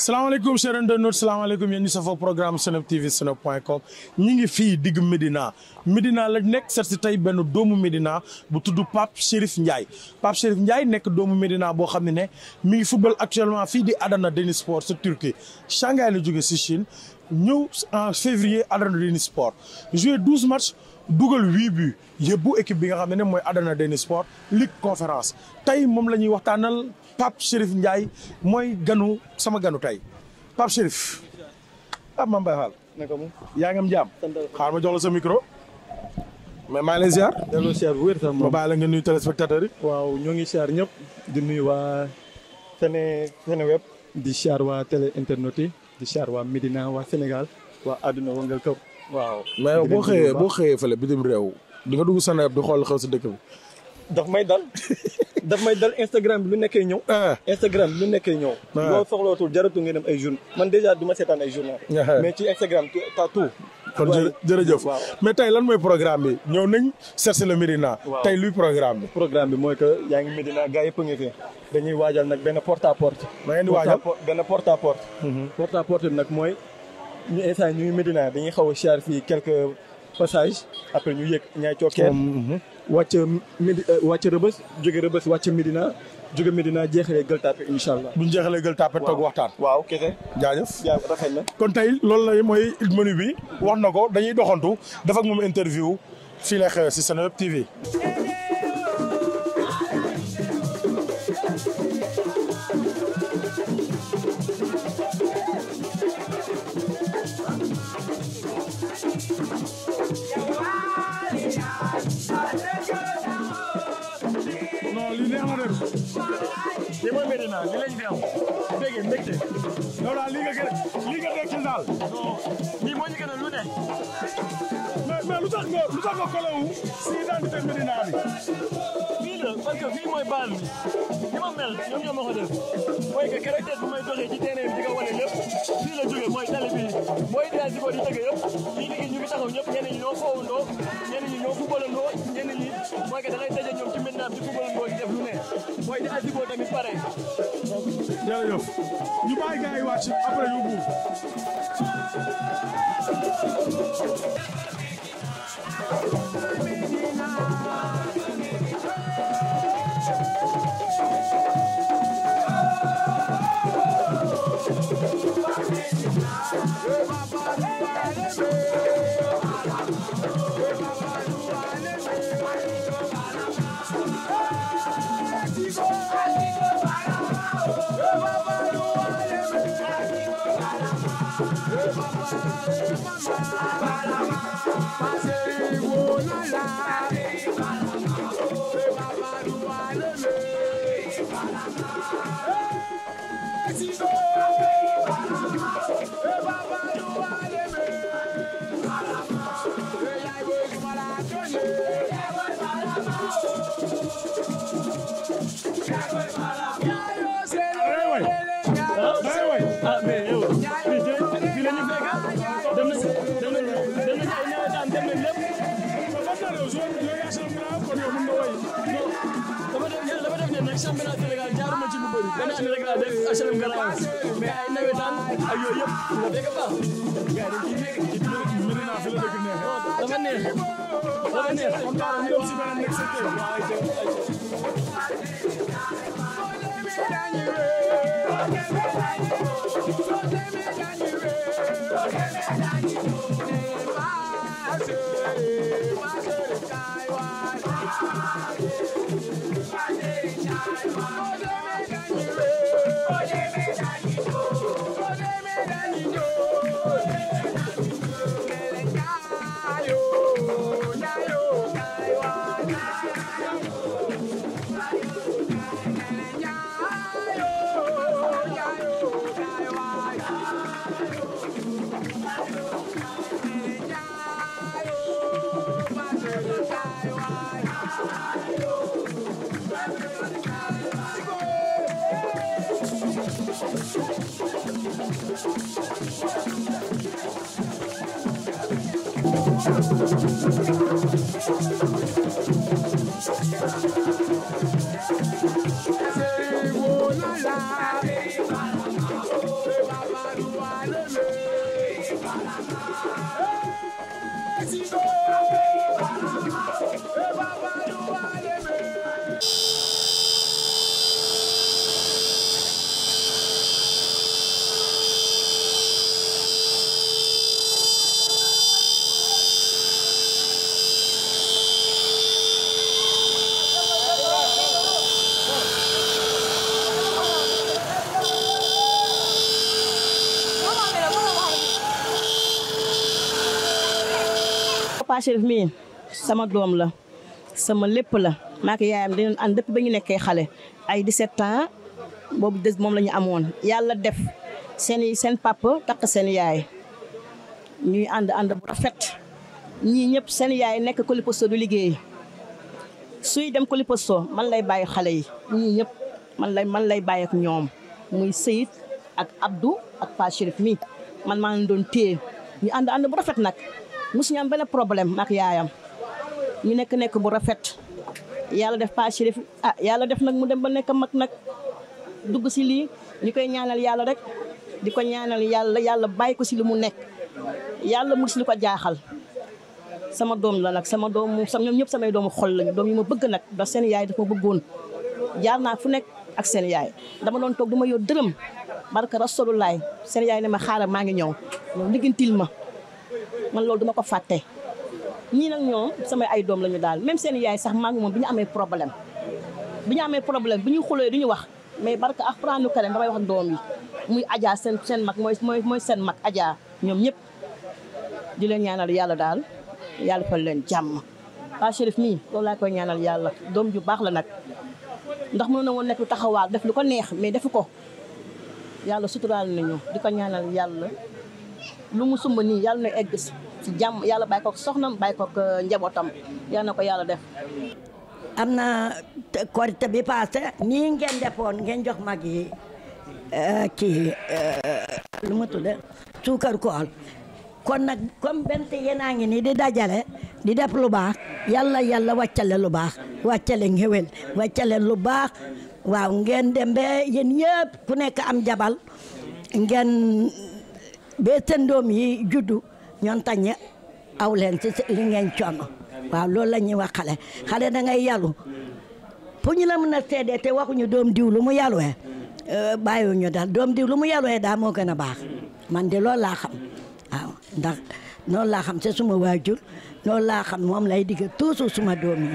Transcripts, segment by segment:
salaamaaleykum chers internautes salaamaaleykum yéen ñu safoo programme Senub TV Senub point com ñi ngi fii digg Médina Médina la nekk seet si tey benn doomu Médina bu tudd Pape Chérif Ndiaye Pape Chérif Ndiaye nekk doomu Médina boo xam ne ne mi ngi football actuellement fii di Adana Demirspor sa Turquie Shanghai la jóge si Chine ñëw en février Adana Demirspor joué douze matchs dugal huit buts yëbbu équipe bi nga xam ne ne mooy Adana Demirspor Ligue Conférence tey moom la ñuy waxtaanal Pape Chérif Ndiaye mooy ganu sama ganu tey Pape Chérif yaa ngi am jàmm. xaar ma jox la sa micro. mais maa ma bàyyi la nga nuyu téléspectateur yi. waaw ñoo ngi ziar ñëpp. di nuyu waa Sene di ziar waa télé internet yi. di ziar waa Médina waa Sénégal. waa àdduna wangal kaw. mais boo xëyee boo xëyee fële bitim réew. di nga dugg Seneweb di xool xew si dëkk bi. daf may dal. daf may dal Instagram bi lu nekkee ñëw. Ah. Instagram lu nekkee ñëw. waaw ah. loolu ngeen am ay journaux man déjà du ma seetaan ay journaux. Ah. mais ci Instagram t'as tout. mais tey lan mooy programme bi ñëw nañ seet le Médina. tey luy programme bi. programme bi mooy que yaa ngi Médina gars yëpp a ngi fi dañuy waajal nag benn porte a porte. ma ngeen di waajal benn porte à porte. Mhm. nag mooy ñu instant ñu ngi Médina dañuy xaw a siyaar fii quelques passages après ñu yëg ñaay cokkeen. wàcc midi euh, wàcc rëbës jóge rëbës wàcc Medina jóge Medina jeexalee gël tàppe incha allah. bu ñu jeexalee gël tàppe waxtaan. waaw kese. jaajëf jaajëf rafet na. kon tey loolu la mooy menu bi wax na ko dañuy doxantu def ak moom interview fii lay si euh, Seneweb TV. alhamdulilah li lañ fi am dégg nga mbégte. yow daal lii nga gën a lii nga dekkil daal. non lii moo ñu gën a lu ne. mais mais lu tax nga lu tax nga kole wu si identité Médina bi. fii la parce que fii mooy baal bi ni ma mel ñoom ñoo ma ko def mooy que caractère bi may doxee ci terrain bi di ko wane lépp fii la jógee mooy tali bi mooy daal di ko di tëgg yëpp fii liggéey ñu ngi taxaw ñëpp ñenn ñi ñoo foowandoo ñenn ñi ñoo fubalandoo ñenn ñi mooy que da ngay daje ñoom ci Médina bi di fubalandoo di def lu ne mooy di Azibo tamit pareil def ñu bàyyi gars yi wàcc après ñu buub Thank you. championnat Sénégal jaaruma ci lu bëri benn année rek laa def HLM Garaas mais ay nawetaan ak yooyu yëpp nga dégg baax gars yi dañ ciy nekk mën naa fi la dëgg neex dafa neex dafa neex comme daal ñu dem si beneen nekk secteur Thank you. Papa Chérif mii sama doom la sama lépp la maa ngi yaayam dañu ànd dëpp ba ñu nekkee xale ay 17 ans boobu des moom la ñu amoon yàlla def seeni seen papa takk seen yaay ñuy ànd ànd bu rafet ñii ñëpp seen yaay nekk Koliposto du liggéey suy dem Koliposto man lay bàyyi xale yi ñii ñëpp man lay man lay bàyyi ak ñoom muy Seyid ak Abdou ak Pa mi man maa leen téye ñu ànd ànd bu rafet mosuñu am benn problème ak yaayam ñu nekk nekk bu rafet yàlla def Pa ah, yàlla def nag mu dem ba nekk mag nag dugg si lii ñu koy ñaanal yàlla rek di ko ñaanal yàlla yàlla bàyyi ko si li mu nekk yàlla mu si lu ko jaaxal sama doom la nag sama doomu sa ñoom ñëpp samay doomu xol lañu doom yi ma bëgg nag ndax seen yaay dafa bëggoon jaar naa fu nekk ak seen yaay dama doon toog du ma yor dërëm barka rasulullaay seen yaay ne ma xaaral maa ngi ñëw ñoom liggintil ma man loolu duma ko fàtte ñii nag ñoom samay ay doom la ñu daal même seen yaay sax maa ngi moom bi ñu amee problème bi ñu amee problème bi ñu xulee du ñu wax mais barka ak prendre karim damay wax doom yi muy ajaa seen seen mag mooy mooy mooy seen mag ajaa ñoom ñëpp di leen ñaanal yàlla daal yàlla fal leen jàmm waa Chérif mii loolu laa koy ñaanal yàlla doom ju baax la nag ndax mënoon na woon nekk lu taxawaal def lu ko neex mais defu ko yàlla suturaal nañu di ko ñaanal yàlla lu mu sumb nii yàlla na ci jàmm yàlla bàyyi ko soxnam bàyyi ko euh, njabootam yal na ko yàlla def. am na korite bi paase. nii ngeen defoon ngeen jox mag yi euh, kii euh, lu mu tudd suukar kool kon nag comme benn yéen a ngi nii di dajale di def lu baax yàlla yàlla wàccale lu baax wàccale ngéwél wàccale lu baax waaw ngeen dem ba yéen ñëpp ku nekk am jabal ngeen ba seen yi juddu. ñoon taññe aw leen ci li ngeen coono waaw loolu la ñuy wax xale xale da ngay yàllu fu ñu la mën a seedee te waxuñu doom diw lu mu yàlluwee euh, bàyyiwuñu daal doom diw lu mu yàlluwee daa moo gën a baax man de loolu laa xam waaw ndax noonu laa xam ci suma waajur loolu laa xam moom lay digg toujours suma doom yi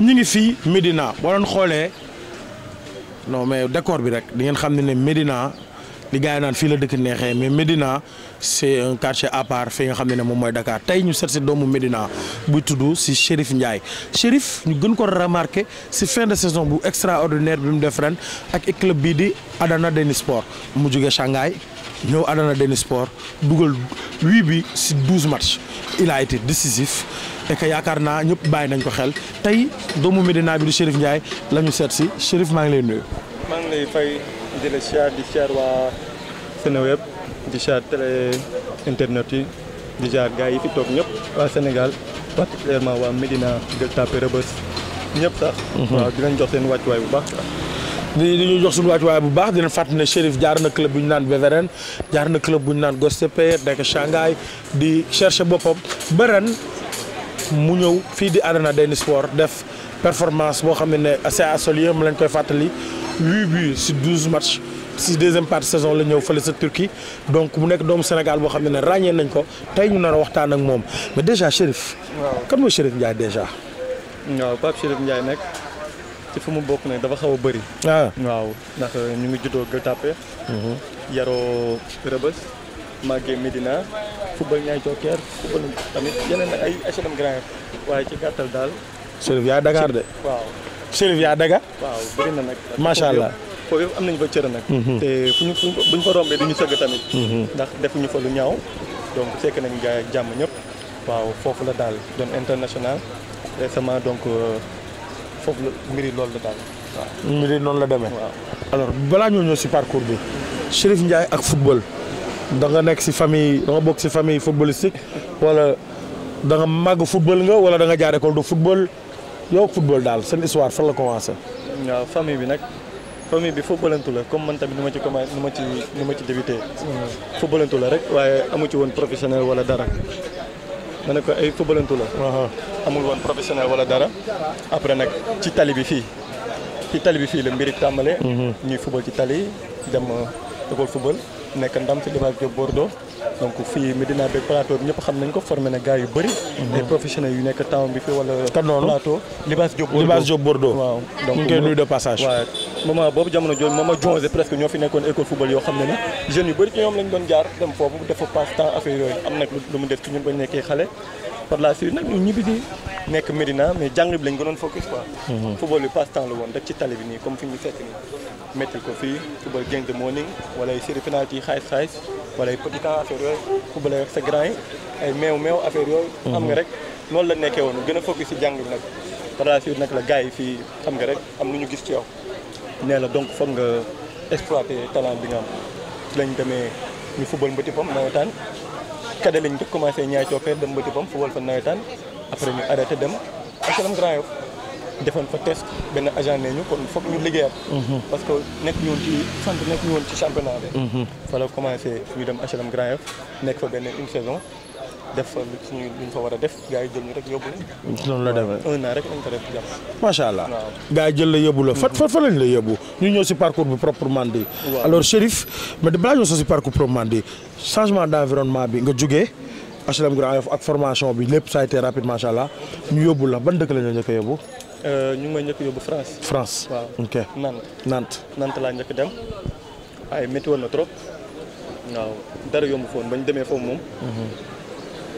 ñu ngi fii Médina boo doon xoolee non mais décor bi rek di ngeen xam ne ne Médina li naan fii la dëkk neexee mais Médina c'est un quartier à part fi nga xam ne ne moom mooy dakaar tey ñu seet si doomu Médina buy tuddu si Chérif Ndiaye Chérif ñu gën ko remarqué si fin de saison bu extraordinaire bi mu def ren ak club bii di Adana sport mu jógee Shanghai ñëw Adana sport dugal huit bi si douze matchs il a été décisif. et yaakaar naa ñëpp bàyyi nañ ko xel tey doomu Medina bi di Chérif Ndiaye la ñu seet si Chérif maa ngi lay nuyu. maa ngi lay fay di la siyaar di siyaar waa Seneweb di siyaar télé internet yi di siyaar gars yi fi toog ñëpp waa Sénégal particulièrement waa Medina Gueule Tapée Rebeuss ñëpp sax. Mhm. waaw di leen jox seen wàccuwaay bu baax. di di ñu jox suñu wàccuwaay bu baax di leen fàttali ne Chérif jaar na club buñ naan Beveren jaar na club bu ñu naan Göztepe nekk Shanghai di chercher boppam ba ren mu ñëw fii di Arena Deni Sport def performance boo xam ne ne CA Sol yëpp lañ koy fàttali 8 bi si 12 matchs si deuxième partie saison la ñëw fële sa Turquie donc mu nekk doomu Sénégal boo xam ne ne ràññee nañ ko tey ñu nar waxtaan ak moom mais déjà Chérif. waaw kan mooy Chérif Ndiaye déjà. waaw Pape Chérif Ndiaye nag ci fu mu bokk nag dafa xaw a bëri. Ah. waaw ndax ñu ngi juddoo Gueule Tapée. Mhm. yaroo Rebeuss. màggee Médina football ñaay jokkeer football tamit yeneen ay HLM Grand waaye ci gàttal daal. Chérif yaa Dakar de. waaw Chérif yaa Dakar. waaw bëri na nag. macha allah foofu yëpp am nañu fa cër nag. Mhm. te fu ñu bu ñu fa rombee du ñu sëgg tamit. Mhm. ndax defuñu fa lu ñaaw donc fekk nañ gaa jàmm ñëpp. waaw foofu la daal doon international récemment donc euh, foofu la mbiri loolu la daal waaw. mbiri noonu la demee. waaw alors balaa ñoo ñëw si parcours bi. Chérif Ndiaye ak football. da nga nekk si famille da nga bokk si famille footballistique wala da nga màgg football nga wala da nga jaar école de football yow football daal seen histoire fan la commencé. waaw bi nag famille bi footballantu la comme man tamit nu ma ci commencé nu ci ma ci débuté. footballantu la rek waaye amu ci woon professionnel wala dara. ma ne ko ay footballantu la. amul woon professionnel wala dara. après nag ci tali bi fii ci tali bi fii la mbiri tàmbalee mhm. ñuy football ci tali dem école football. nekk ndam ci Libaas Diop Bordeaux donc fii Medina beeg plateau bi ñëpp xam nañ ko formé na gars yu bëri. ay mhm. professionnels yu nekk town bi fii wala. plateau Libaas Diop Bordeaux waaw donc ñu ngi de passage. boobu jamono jooju moment jonge presque ñoo fi nekkoon école football yoo xam ne ni jeunes yu bëri ci ñoom lañ doon jaar dem foofu dafa passe temps affaire yooyu am nag lu mu def ci ñun bañ nekkee xale par la suite nag ñu ñibbi si nekk Médina mais jàng bi lañ ko doon focus quoi. Mhm. football bi passe temps la woon rek ci tali bi nii comme fi ñu fekk nii. métti ko fii football game de morning wala ay série penalty yi xaalis xaalis wala ay petit temps affaire yooyu football ak sa grand yi ay meew meew affaire yooyu. Mhm. xam nga rek noonu la nekkee woon gën a focus si jàng bi nag. par la suite nag la gars yi fii xam nga rek am lu ñu gis ci yow. nee la donc foog nga exploiter talent bi nga am lañ demee ñu football mbëti pom nawetaan kada lañ njëkk commencé ñaay coppee dem ba Dibam football fa nawetaan après ñu arrêté dem HLM Grand Yoff defoon fa test benn agent ne ñu kon foog ñu liggéeyaat. Mhm. parce que nekk ñu woon ci sant nekk ñu woon championnat bi. Mhm. fa ñu dem HLM Grand Yoff nekk fa benn une saison. def fa suñu luñ war a def gars yi rek yóbbu la. noonu la demee un an rek lañ ko def jàpp. macha allah gars yi jël la yóbbu la. fa fa fa la yóbbu ñu ñëw si parcours bu proprement dit. alors Chérif mais balaa ñëw si parcours proprement dit changement d' environnement bi nga jógee HLM Grand Yoff ak formation bi lépp ça a été rapide allah ñu yóbbu la ba dëkk la ñu njëkk a yóbbu. Euh, ñu ngi may njëkk yóbbu France. France ok Nantes Nantes. laa njëkk dem ay métti woon na trop waaw dara yomb foon bañ demee foofu moom. Mhm.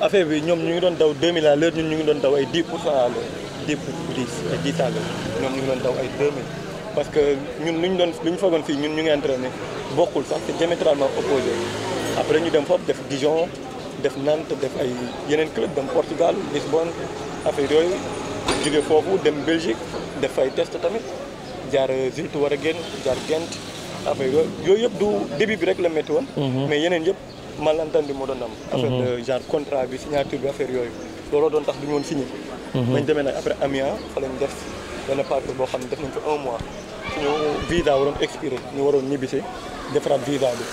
affaire bi ñoom ñu ngi doon daw 2000 à l'heure ñun ñu ngi doon daw ay 10 pour cent à l'heure pour 10 ay ñoom ñu ngi doon daw ay 2000 parce que ñun lu ñu doon lu ñu foogoon fii ñun ñu ngi entraîné bokkul sax c'est diamétralement opposé après ñu dem foofu def Dijon def Nantes def ay yeneen club dem Portugal Lisbonne affaire yooyu jóge foofu dem Belgique def ay test tamit jaar Zulte war a génn jaar Gent affaire yooyu yooyu yëpp du début bi rek la métti woon mhm. mais yeneen yëpp malentendu moo doon am. Mhm. affaire de genre contrat bi signature bi affaire yooyu looloo doon tax du ñu woon signé. Mhm. bañ demee nag après Amiens fa lañ def benn parcours boo xam ne def nañ ko un mois suñu visa waroon expiré ñu waroon ñibbisi defaraat visa bi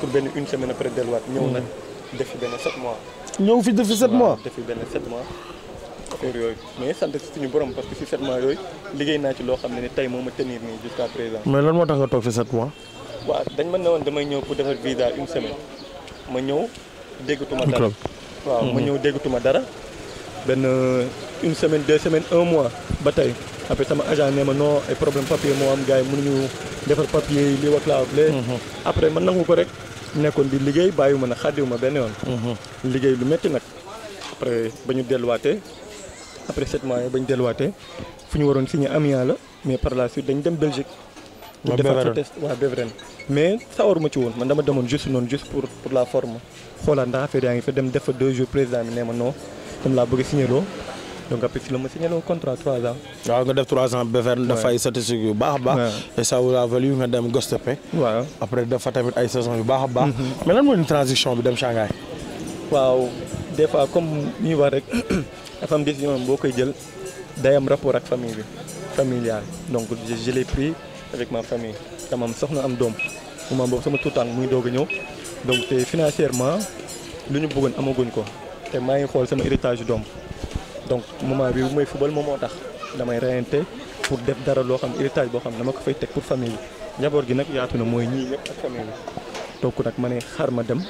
pour benn une semaine après delluwaat. ñëw nag mhm. def fi benn sept mois. ñëw fi def fi sept mois def fi benn sept mois. affaire yooyu mais sant suñu borom parce que si sept mois yooyu liggéey naa ci loo xam ne ni tey moo ma tenir nii jusqu'à présent. mais lan moo tax nga toog fi sept mois. waaw dañ ma ne woon damay ñëw pour defar visa une semaine. ma ñëw déggatuma dara waaw ma mhm. ñëw déggatuma dara benn une semaine de semaine un mois ba tey après sama agent ne ma non ay problème papier moo am gars yi mënuñu defar papier yi lii wax laa lee mhm. après man nangu ko rek nekkoon di liggéey bàyyiwuma nag xàddiwuma benn yoon mhm. liggéey lu metti nag après ba ñu delluwaatee après sept mois yi ba ñu delluwaatee fu ñu waroon signé amiant la mais par la suite dañ dem Belgique pour defaat sa test waaw ma ci woon man dama demoon juste noonu juste pour pour la forme xoolaat ndax affaire yaa ngi fa dem def fa deux jours président bi nee ma non dama laa bëgg a donc après si yu baax a a valu nga dem Gostepe. tamit ay saison yu baax a baax. Mm-hmm. mais lan mooy transition bi dem Shanghai. waaw des comme ñuy wax rek dafa am décision boo koy jël day am rapport ak famille bi familiale donc je l'ai pris. avec ma famille dama am soxna am doom moment boobu sama tuutaan mu ngi doog ñëw donc te financièrement lu ñu bëggoon amaguñ ko te maa ngi xool sama héritage doom donc moment bi bu may fubal moom moo tax damay reyante pour def dara loo xam héritage boo xam ne dama ko fay teg pour famille bi gi nag yaatu na mooy ñii ñëpp ak famille bi donc nag ma ne xaar ma dem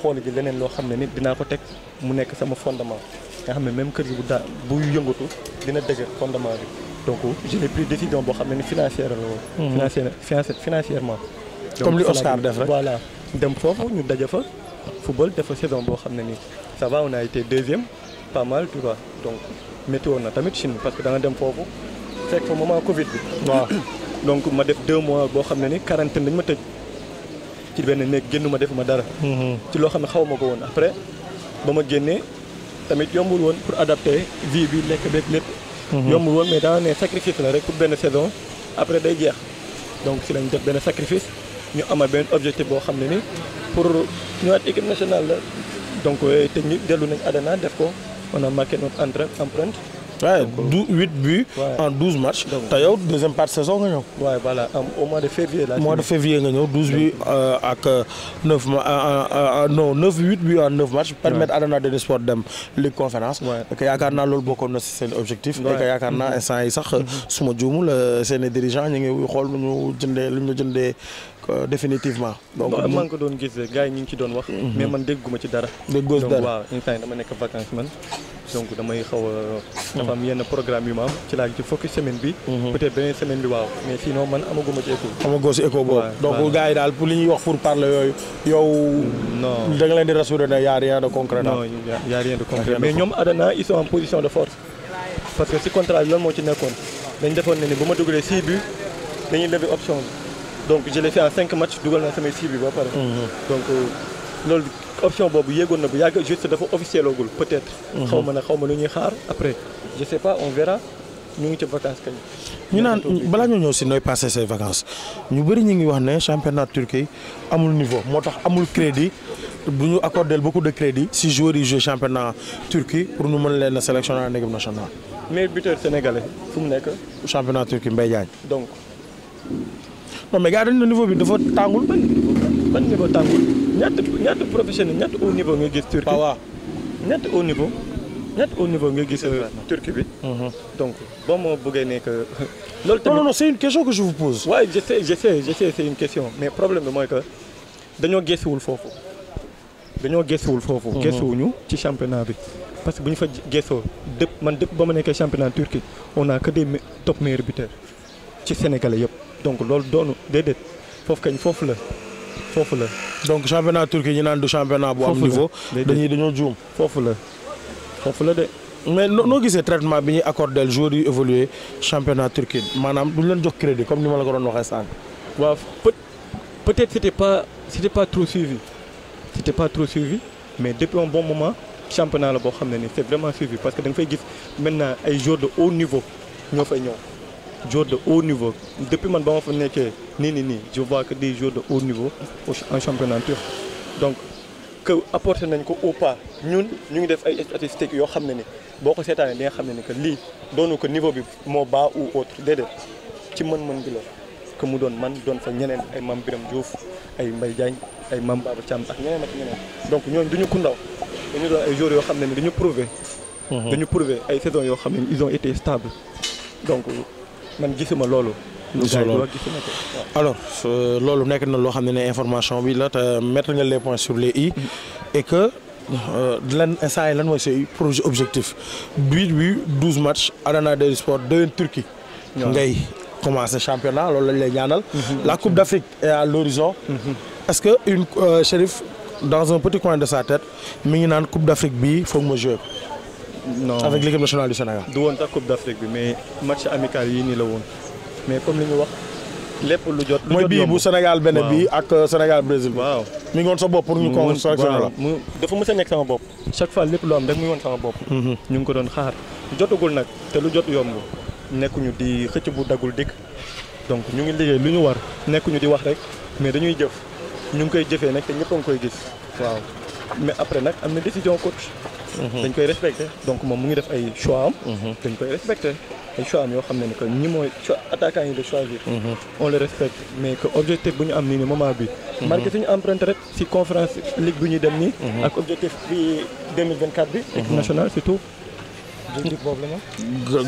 xool ji leneen loo xam ne nit dinaa ko teg mu nekk sama fondement nga xam ne même kër gi bu daa bu yëngatu dina dëgër fondement bi donc je l'ai pris décision boo xam ne financière la woon. Mhm. financière financièrement. comme li Oscar def rek voilà dem foofu ñu daje fa football def fa saison boo xam ne nii ça va on a été deuxième pas mal tu vois donc métti woon na tamit Chine parce que da nga dem foofu fekk fa moment Covid bi. waaw donc ma def deux mois boo xam ne ni quarantaine dañ ma tëj ci benn néeg génn ma defuma dara. Mhm. ci loo xam ne xaw ma ko woon après ba ma génnee tamit yombul woon pour adapter vie bi lekk beeg lépp. Mhm. yombul woon mais daa ne sacrifice la rek pour benn saison après day jeex donc ci lañ def benn sacrifice ñu amal benn objectif boo xam ne ni pour ñëwaat équipe nationale la donc euh, te ñu dellu nañ Adana def ko na a marqué notre empreinte waaw euh, huit buts en douze matchs. te yow deuxième part saison nga ñëw. waaw voilà au mois de février mois de février nga ñëw douze buts euh, ak euh, neuf ma non neuf huit buts en neuf matchs. permettre Adana Demirspor dem Ligue Conférence. waaw yaakaar naa loolu bokkoon na si seen objectif. waaw yaakaar naa mm-hmm. instant yi sax. Mm-hmm. su ma juumul seen i ñu ngi xool nu ñu jëndee lu ñu jëndee. définitivement. donc maa ngi ko doon gis gars yi ñu ngi ci doon wax. Mm-hmm. mais man dégguma ci dara. déggoo ci dara donc waaw dama nekk vacance donc damay xaw a. yenn programme yu ma am ci laa ci fukki semaine bi. Mhm. peut-être beneen semaine bi waaw mais sinon man amaguma ci écho. amagoo si écho boobu donc gars yi daal li ñuy wax pour parler yooyu. yow. non da leen di rassurer ne y a rien de concret. non y a rien de concret mais ñoom Adana ils sont en position de force. parce que si contrat bi moo ci nekkoon dañ defoon ne ni bu ma dugalee 6 buts dañuy lever option donc je l'ai en 5 ba pare. Mhm. donc euh, loolu. option boobu yéegoon na bu yàgg juste dafa officielogul peut-être. Mhm. xaw ma ne xaw ma lu ñuy xaar après je sais pas on ñu ngi ci vacances ñu naan balaa ñoo ñëw si nooy passé say vacances ñu bëri ñu ngi wax ne championnat Turquie amul niveau moo tax amul crédit bu ñu ba beaucoup de crédit si joueurs yi joué championnat Turquie pour ñu mën leen a sélectionner en équipe nationale. meilleur buteur sénégalais fu mu nekk. championnat Turquie Mbaye Diagne. donc. non mais gars dañu ne niveau ñett ñett professionnel ñett au niveau nga gis. Turquie waaw ñett au niveau. ñett au niveau nga gis. Euh, Turquie bi. Mhm. donc boo ma bëggee ne que. Euh, loolu tamit non non c'est une question que je vous pose. waaye je sais je sais je sais une question mais problème bi mooy que dañoo gëstuwul foofu. dañoo gëstuwul foofu. Mhm. gëstuwuñu ci championnat bi. parce que bu ñu fa gëstoo dëpp man dëpp ba ma nekkee championnat Turquie on a que des top meilleurs buteurs ci sénégalais yëpp donc loolu doonu déedéet foofu kañ foofu la. foofu la donc championnat turquie ñu naan du championnat bu am niveau dañuy dañoo juum foofu la foofu la de mais noo gisee traitement bi ñuy accordé joueurs yu évolué championnat turquie maanaam duñ leen jox crédit comme ni ma la ko doon waxee sànq. waaw peut-être c'était pas c'était pas trop suivi c'était pas trop suivi mais depuis un bon moment championnat la boo xam ne nii c'est vraiment suivi parce que da fay gis maintenant ay joueurs de haut niveau ñoo fay ñëw. joueurs de haut niveau depuis man ba ma fa nekkee nii nii nii je que des joueurs de haut niveau en championnat donc que apporté nañ ko au pas ñun ñu ngi def ay statistiques yoo xam ne ni boo ko seetaanee di nga xam ne ni que lii doonu ko niveau bi moo bas ou autre déedéet ci man man bi la que mu doon man doon fa ñeneen ay Mame Birame Diouf ay mbay Diagne ay Mame Baba Thiam ak ñeneen ak ñeneen donc ñooñu du ñu ku ndaw dañu doon ay joueurs yoo xam ne ni dañu prouver mhm. dañu prouver ay saison yoo xam ne ils ont man gisuma loolu. alors euh, loolu nekk na loo xam ne ne information bi la te mettre nga les points sur les i. et que euh, lan instant yi lan mooy say projet objectif but bi douze matchs Adana Demirspor déwén Turquie. ngay commencer championnat loolu lañ lay ñaanal. Mhm. la coupe d'Afrique est à l'horizon mhm. est-ce que une euh, Chérif dans un petit coin de sa tête mi ngi naan coupe d'Afrique bi foog ma non avec l'équipe nationale du Sénégal. du woon sax Coupe d'Afrique bi mais match amical yii nii la woon mais comme li ñu wax lépp lu jot. mooy bii bu Sénégal benn euh, bi ak Sénégal Brésil. waaw mi ngi woon sa bopp pour ñu. ko sélection la mu dafa mës a nekk sama bopp. chaque fois lépp lu am rek mu ngi woon sama bopp. Mhm. ñu ngi ko doon xaar jotagul nag te lu jot yomb nekkuñu di xëcc bu daggul dikk donc ñu ngi liggéey lu ñu war nekkuñu di wax rek mais dañuy jëf ñu ngi koy jëfee nag te ngi koy gis waaw mais après nag am na décision coach Mhm. dañ koy respecté donc moom mu ngi def ay choix am. Mhm. dañ koy respecté ay choix am yoo xam ne ni que ñi mooy attaquant yi de choisir. Mhm. on le respecte mais que objectif bu ñu am nii ni moment bi marqué suñu empreinte rek si conférence ligue bu ñuy dem nii. ak objectif bi 2024 bi. équipe nationale surtout.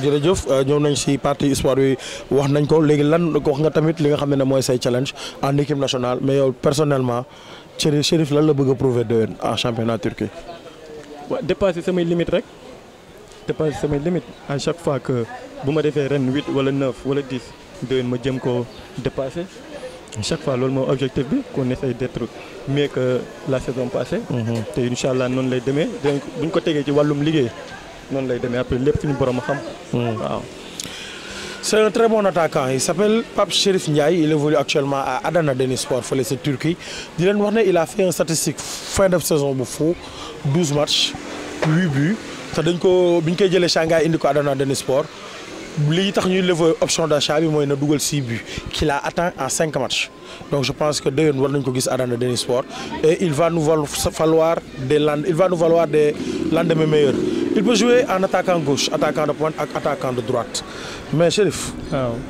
jërëjëf euh, ñëw nañ si partie histoire bi wax nañ ko léegi lan wax nga tamit li nga xam ne mooy say challenge en équipe nationale mais yow personnellement Chérif Chérif lan la bëgg a prouver déwén en championnat Turquie. waa dépasser samay limite rek dépasser samay limite à chaque fois que bu ma defee ren huit wala neuf wala dix déwén ma jëm ko dépasser chaque fois loolu moo objectif bi qu'on essaye d'être mieux que la saison passée. Mhm. te incha allah noonu lay demee dinañ ko ko tegee ci wàllum liggéey noonu lay demee après lépp suñu borom a xam. Mhm. waaw. C'est un très bon attaquant il s'appelle Pape Chérif Ndiaye il évolue actuellement à Adana Demirspor fële sa Turquie di leen wax ne il a statistique fin de saison bu fou 12 matchs 8 buts te dañ ko bi ñu koy jëlee Shanghai indi ko Adana Demirspor lii tax ñuy lever option d'achat bi mooy na dugal six buts qu'il en cinq matchs donc je pense que déwén war nañ ko gis Arène Denis Sport et il va nous falloir des land il va il peut jouer en attaquant gauche attaquant de pointe ak attaquant de droite mais Chérif.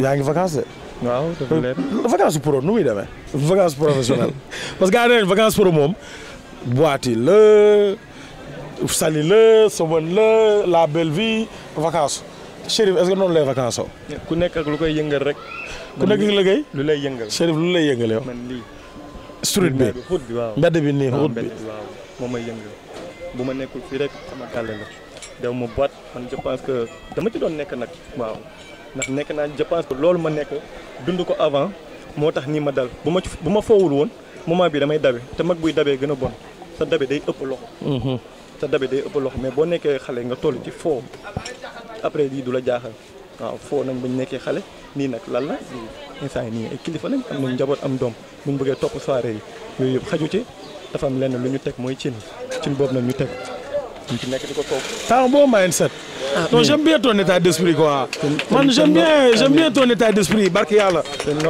yaa ngi vacances de. waaw dafa euh, vacance pro nu muy demee. vacance professionnelle parce que Arène vacance pro moom boîte la sali la soban la la belle vie vacance. Chérif est-ce que noonu lay vacances oo. ku nekk ak lu koy yëngal rek. ku nekk ak lu lay yëngal. Chérif lu lay yëngal yow. man lii. street bi bi waaw mbedd bi nii xut bi. waaw moom may yëngal bu ma nekkul fii rek sama gàlle la. daw ma boîte man je pense que dama ci doon nekk nag. waaw ndax nekk naa je pense que loolu ma nekk dund ko avant moo tax nii ma dal bu ma bu ma foowul woon moment bi damay dabe te mag buy dabee gën a bon sa dabe day ëpp loxo. Mhm. sa dabe day ëpp loxo mais boo nekkee xale nga toll ci foo. après lii du la jaaxal waaw foo nañ bañ nekkee xale nii nag lan la instant yi nii ay kilifa lañ am nañ njaboot am doom mu bëggee topp soirée yi yooyu yëpp xaju ci dafa am lenn lu ñu teg mooy cin cin boobu nag ñu teg ñu ci nekk di ko toog. temps boo mayoon set. Ah, non j'aime bien ton état d'esprit yi man j'aime ah, yàlla.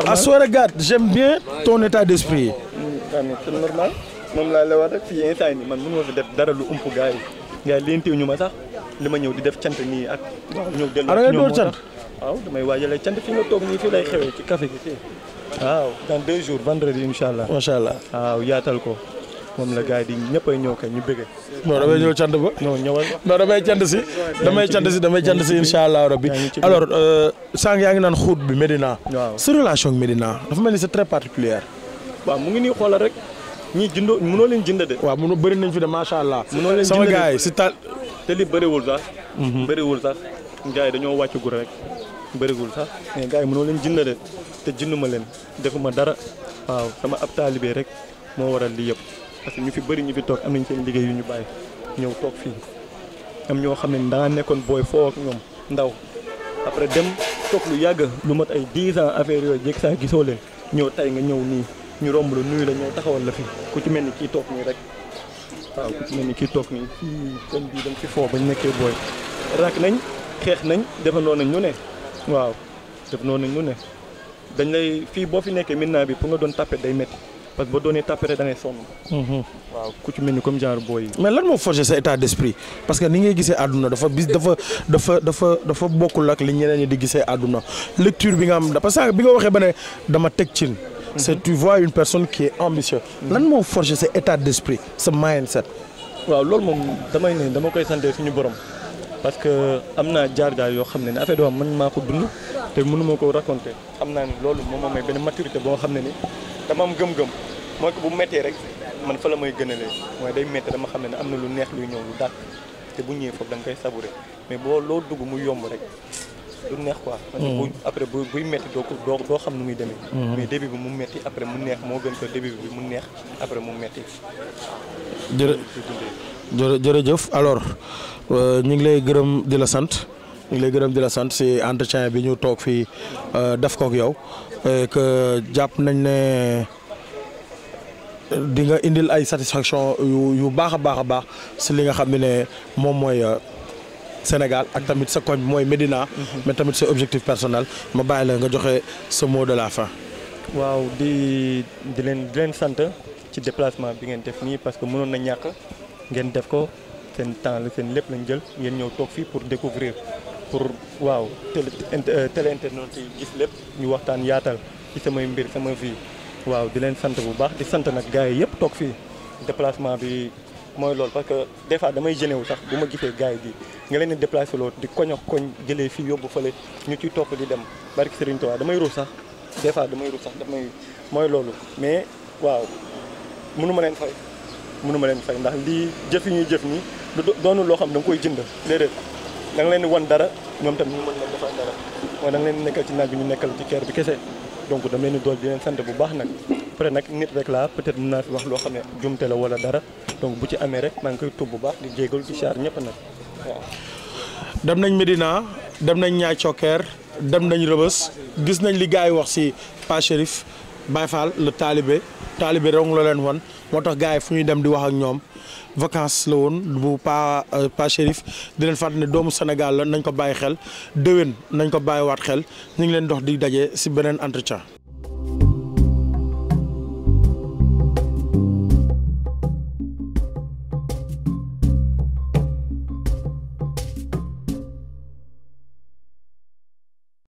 à soo regarde j'aime bien ton état d'esprit. Ah, c'est moom laa la wax rek fii instant nii man mënu ma fi def dara lu ump gars yi gars leen teew ñu ma li ma ñëw di def cant nii ak. ñëw delloo ci ñoom moo tax damay waajalee cant fi nga toog nii fii lay xewee ci café gi fii. waaw dans deux jours vendredi incha allah. macha allah waaw yaatal ko. moom la gars yi di ñëpp a ñëw kay ñu bëgg. non damay ñëw cant ba. non ñëwal non damay cant si. damay cant si damay cant si incha allah rabbi alors euh, sànq yaa ngi naan xuut bi Medina. waaw sa relation ak Medina dafa mel ni c'est très particulière. waaw mu ngi nii xoolal rek. ñii jëndoo mënoo leen jënd de. waaw mënoo bëri nañ fi de macha allah. mënoo leen jënd de sama gars si taal te li bariwul sax. Mhm. bëriwul sax gars yi dañoo wàccagul rek bëriwul sax mais gars yi mënoo leen jënd de te jënduma leen defuma dara waaw sama ab taalibe rek moo waral lii yëpp parce que ñu fi bari ñu fi toog am nañ seen liggéey yu ñu bàyyi ñëw toog fii am ñoo xam ne dangaa nekkoon booy foo ak ñoom ndaw après dem toog lu yàgg lu mat ay 10 ans affaire yooyu jéeg saa gisoo leen ñëw tey nga ñëw nii ñu romb la nuyu la ñoo taxawal la fi ku ci mel ni ki toog nii rek waaw ku ci mel ni kii toog nii fii bii dañ fi foo bañ nekkee booy raak nañ xeex nañ defandoo nañ ñu ne waaw defandoo nañ ñu ne dañ lay fii boo fi nekkee maintenant bi pour nga doon tapé day métti parce que boo doonee tapé rek da sonn. Mhm. waaw ku ci mel ni comme genre booy yi. mais lan moo forger sa état d'esprit parce que ni ngay gisee àdduna dafa bis dafa dafa dafa dafa bokkul ak li ñeneen ñi di gisee àdduna lecture bi nga am dafa sànq bi nga waxee ba ne dama teg cin. c'est tu vois une personne qui est ambitieuse. lan moo forger sa état d'esprit sa mindset. waaw loolu moom damay ne dama koy sante suñu borom parce que am naa jaar-jaar yoo xam ne ne affaire doo man maa ko dund te mënuma ko raconter xam naa ne loolu moom moo may benn maturité boo xam ne ni dama am gëm-gëm mooy ko bu méttee rek man fa la may gënalee mooy day métti dama xam ne ne am na lu neex luy ñëw lu dàq te bu ñëwee foofu danga koy savourer mais boo loo dugg mu yomb rek. du neex quoi. parce que mm. après bu buy métti doo ko doo xam nu muy demee. Mm. mais début bi mu métti après mu neex moo gën ko début bi mu neex après mu métti. jërë jërë jërëjëf alors euh, ñu ngi lay gërëm di la sant. ñu ngi lay gërëm di la sant si entretien bi ñu toog fii euh, def kook yow que jàpp nañ ne. di nga indil ay satisfaction yu yu baax a baax a baax si li nga xam ne moom mooy euh, Sénégal ak tamit sa koñ mooy Médina. Mhm. mais tamit sa objectif personnel ma bàyyi la nga joxe sa mot de la fin. waaw di di leen di sant ci déplacement bi ngeen def nii parce que mënoon na ñàkk ngeen def ko seen temps la seen lépp lañ jël ngeen ñëw toog fii pour découvrir pour waaw télé euh, télé internet yi gis lépp ñu waxtaan yaatal ci samay mbir sama vie waaw di leen sant bu baax di sant nag gars yi yëpp toog fii déplacement bi. mooy loolu parce que des fois damay gêné wu sax bu ma gisee gars yi di nga leen di déplacé loolu di koñ ak koñ jëlee fii yóbbu fële ñu ciy topp di dem barki Serigne Touba damay ruus sax des fois damay ruus sax damay mooy loolu mais waaw mënu ma leen fay mënu ma leen fay ndax lii jëf yi ñuy jëf nii du doonul loo xam da nga koy jënd déedéet da leen di wan dara ñoom tamit ñu mën leen defal dara mooy da leen nekkal ci naaj bi ñu nekkal ci keer bi kese donc dama leen di dool sant bu baax nag après nag nit rek laa peut-être mën naa wax loo xam ne jumte la wala dara donc bu ci amee rek maa ngi koy tub bu baax di jégal ci char ñëpp nag waaw. dem nañ Medina dem nañ ñaay cokkeer dem nañ rëbës gis nañ li gars yi wax si Pa Chérif Baye Fall le taalibe taalibe dong la leen won moo tax gars yi fu ñuy dem di wax ak ñoom vacances la woon bu Pa euh, Pa di leen fàttali ne doomu Sénégal la nañ ko bàyyi xel déwén nañ ko bàyyiwaat xel ñu leen dox di dajee si beneen entretien.